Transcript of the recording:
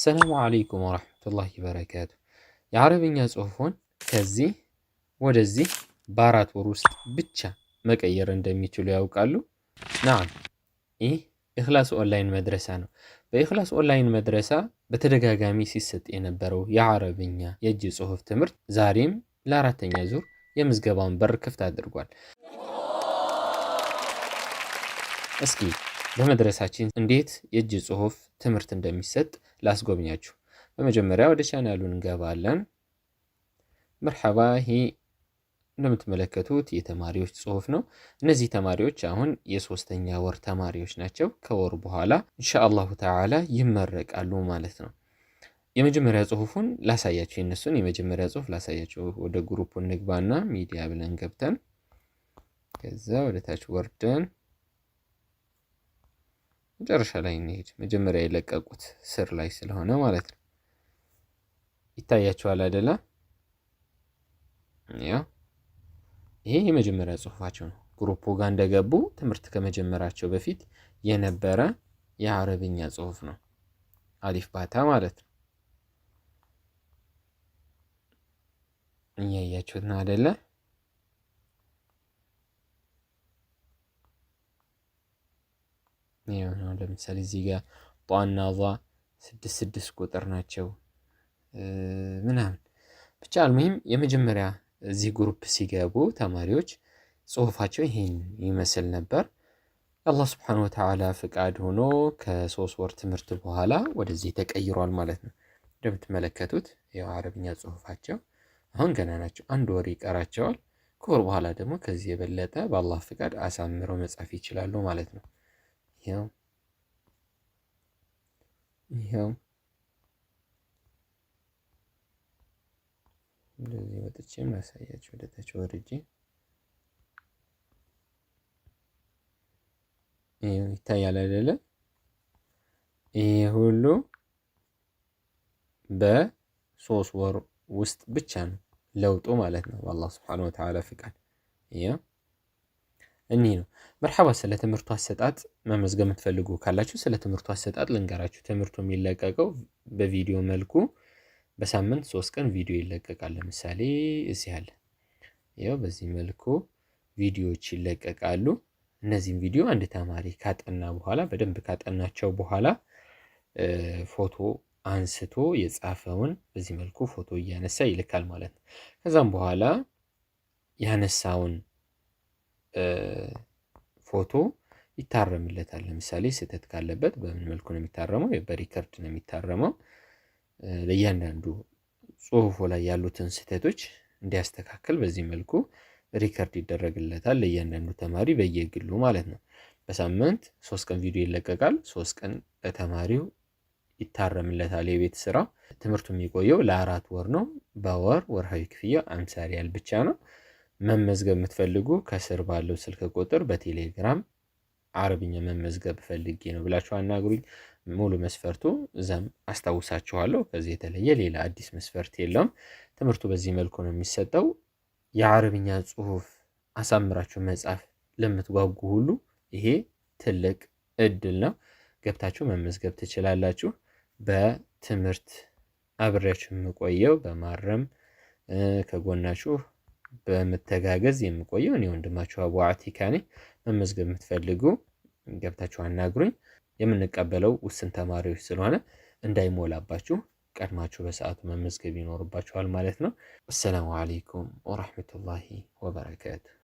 ሰላሙ አለይኩም ወራህመቱላሂ በረካቱ። የአረብኛ ጽሑፎን ከዚህ ወደዚህ በአራት ወር ውስጥ ብቻ መቀየር እንደሚችሉ ያውቃሉ? ናም። ይህ ኢኽላስ ኦንላይን መድረሳ ነው። በኢኽላስ ኦንላይን መድረሳ በተደጋጋሚ ሲሰጥ የነበረው የአረብኛ የእጅ ጽሑፍ ትምህርት ዛሬም ለአራተኛ ዙር የምዝገባውን በር ክፍት አድርጓል። እስኪ በመድረሳችን እንዴት የእጅ ጽሑፍ ትምህርት እንደሚሰጥ ላስጎብኛችሁ። በመጀመሪያ ወደ ቻናሉ እንገባለን። መርሐባ ይሄ እንደምትመለከቱት የተማሪዎች ጽሁፍ ነው። እነዚህ ተማሪዎች አሁን የሶስተኛ ወር ተማሪዎች ናቸው። ከወር በኋላ እንሻአላሁ ተዓላ ይመረቃሉ ማለት ነው። የመጀመሪያ ጽሁፉን ላሳያችሁ፣ የነሱን የመጀመሪያ ጽሁፍ ላሳያችሁ። ወደ ግሩፑ እንግባና ሚዲያ ብለን ገብተን ከዛ ወደ ታች ወርደን መጨረሻ ላይ እንሄድ። መጀመሪያ የለቀቁት ስር ላይ ስለሆነ ማለት ነው። ይታያቸዋል አይደለ? ያ ይሄ የመጀመሪያ ጽሁፋቸው ነው። ግሩፕ ጋር እንደገቡ ትምህርት ከመጀመራቸው በፊት የነበረ የአረብኛ ጽሁፍ ነው። አሊፍ ባታ ማለት ነው። እያያችሁት ነው አይደለ? ለምሳሌ እዚህ ጋር ጧና ዛ ስድስት ስድስት ቁጥር ናቸው ምናምን ብቻ አልሙሂም የመጀመሪያ እዚህ ግሩፕ ሲገቡ ተማሪዎች ጽሁፋቸው ይሄን ይመስል ነበር። አላህ ስብሓነ ወተዓላ ፍቃድ ሆኖ ከሶስት ወር ትምህርት በኋላ ወደዚህ ተቀይሯል ማለት ነው። እንደምትመለከቱት ያው አረብኛ ጽሁፋቸው አሁን ገና ናቸው። አንድ ወር ይቀራቸዋል። ከወር በኋላ ደግሞ ከዚህ የበለጠ በአላህ ፍቃድ አሳምረው መጻፍ ይችላሉ ማለት ነው። ይኸው ይኸው እንደዚህ ወጥቼ ማሳያችሁ ወደታች ወርጄ ይታያል አይደለ? ይሄ ሁሉ በሶስት ወር ውስጥ ብቻ ነው ለውጡ ማለት ነው። አላህ ስብሓነሁ ወተዓላ ፍቃድ ይኸው እኒህ ነው። መርሐባ ስለ ትምህርቱ አሰጣጥ መመዝገብ የምትፈልጉ ካላችሁ ስለ ትምህርቱ አሰጣጥ ልንገራችሁ። ትምህርቱ የሚለቀቀው በቪዲዮ መልኩ በሳምንት ሶስት ቀን ቪዲዮ ይለቀቃል። ለምሳሌ እዚህ አለ። ያው በዚህ መልኩ ቪዲዮዎች ይለቀቃሉ። እነዚህም ቪዲዮ አንድ ተማሪ ካጠና በኋላ በደንብ ካጠናቸው በኋላ ፎቶ አንስቶ የጻፈውን በዚህ መልኩ ፎቶ እያነሳ ይልካል ማለት ነው። ከዛም በኋላ ያነሳውን ፎቶ ይታረምለታል። ለምሳሌ ስህተት ካለበት በምን መልኩ ነው የሚታረመው? በሪከርድ ነው የሚታረመው። ለእያንዳንዱ ጽሁፉ ላይ ያሉትን ስህተቶች እንዲያስተካክል በዚህ መልኩ ሪከርድ ይደረግለታል። ለእያንዳንዱ ተማሪ በየግሉ ማለት ነው። በሳምንት ሶስት ቀን ቪዲዮ ይለቀቃል። ሶስት ቀን ለተማሪው ይታረምለታል። የቤት ስራ ትምህርቱ የሚቆየው ለአራት ወር ነው። በወር ወርሃዊ ክፍያ አምሳ ሪያል ብቻ ነው። መመዝገብ የምትፈልጉ ከስር ባለው ስልክ ቁጥር በቴሌግራም አረብኛ መመዝገብ ፈልጌ ነው ብላችሁ አናግሩኝ። ሙሉ መስፈርቱ እዛም አስታውሳችኋለሁ። ከዚህ የተለየ ሌላ አዲስ መስፈርት የለውም። ትምህርቱ በዚህ መልኩ ነው የሚሰጠው። የአረብኛ ጽሑፍ አሳምራችሁ መጻፍ ለምትጓጉ ሁሉ ይሄ ትልቅ እድል ነው። ገብታችሁ መመዝገብ ትችላላችሁ። በትምህርት አብሬያችሁ የምቆየው በማረም ከጎናችሁ በመተጋገዝ የምቆየው እኔ ወንድማችሁ አቡ አቲካ ነኝ። መመዝገብ የምትፈልጉ ገብታችሁ አናግሩኝ። የምንቀበለው ውስን ተማሪዎች ስለሆነ እንዳይሞላባችሁ ቀድማችሁ በሰዓቱ መመዝገብ ይኖርባችኋል ማለት ነው። አሰላሙ አለይኩም ወራህመቱላሂ ወበረካቱ።